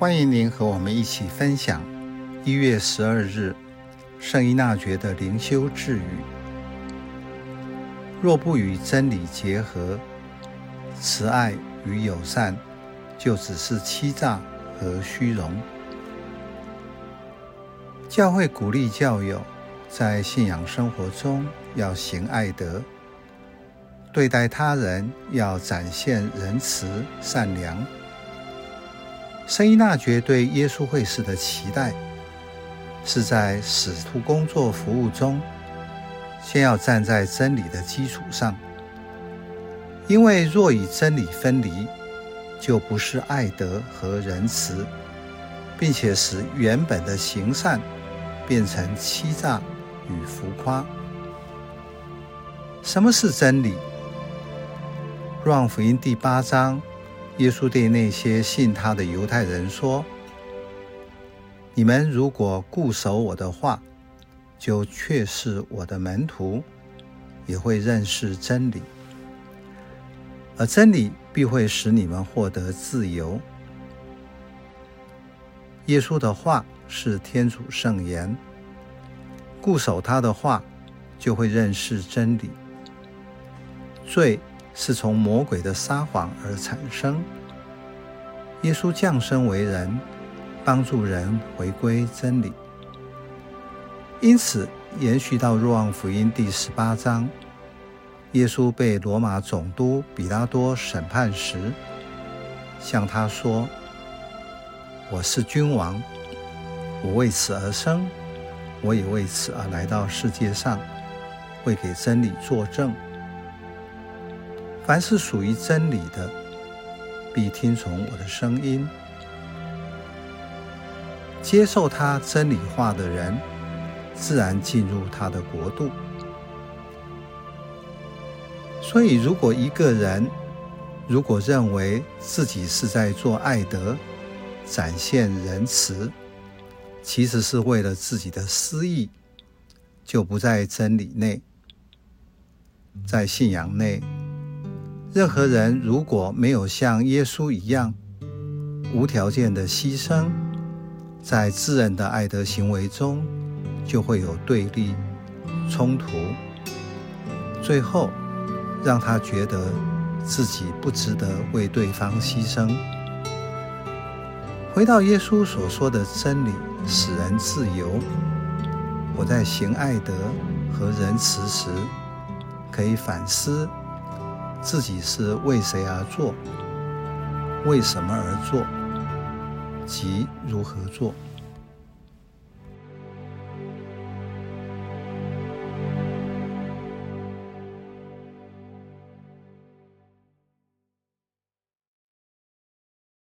歡迎您和我們一起分享一月十二日聖依納爵的靈修智語。若不與真理結合，慈愛與友善就只是欺詐和虛榮。教會鼓勵教友在信仰生活中要行愛德，對待他人要展現仁慈善良。聖依納爵對耶穌會士的期待，是在使徒工作服務中，先要站在真理的基礎上，因為若與真理分離，就不是愛德和仁慈，並且使原本的行善變成欺詐與浮誇。什麼是真理？《若望福音》第八章。耶穌對那些信他的猶太人說：“你們如果固守我的話，就確是我的門徒，也會認識真理，而真理必會使你們獲得自由。”耶穌的話是天主聖言，固守他的話，就會認識真理。罪。是從魔鬼的撒謊而產生。耶穌降生為人，幫助人回歸真理。因此，延續到《若望福音》第十八章，耶穌被羅馬總督比拉多審判時，向他說：“我是君王，我為此而生，我也為此而來到世界上，為給真理作證。”凡是屬於真理的，必聽從我的聲音；接受他真理話的人，自然進入他的國度。所以，如果一個人如果認為自己是在做愛德、展現仁慈，其實是為了自己的私意，就不在真理內，在信仰內。任何人如果沒有像耶穌一樣無條件的犧牲，在自認的愛德行為中，就會有對立、衝突，最後讓他覺得自己不值得為對方犧牲。回到耶穌所說的真理，使人自由。我在行愛德和仁慈時，可以反思。自己是為誰而做？為什麼而做？及如何做？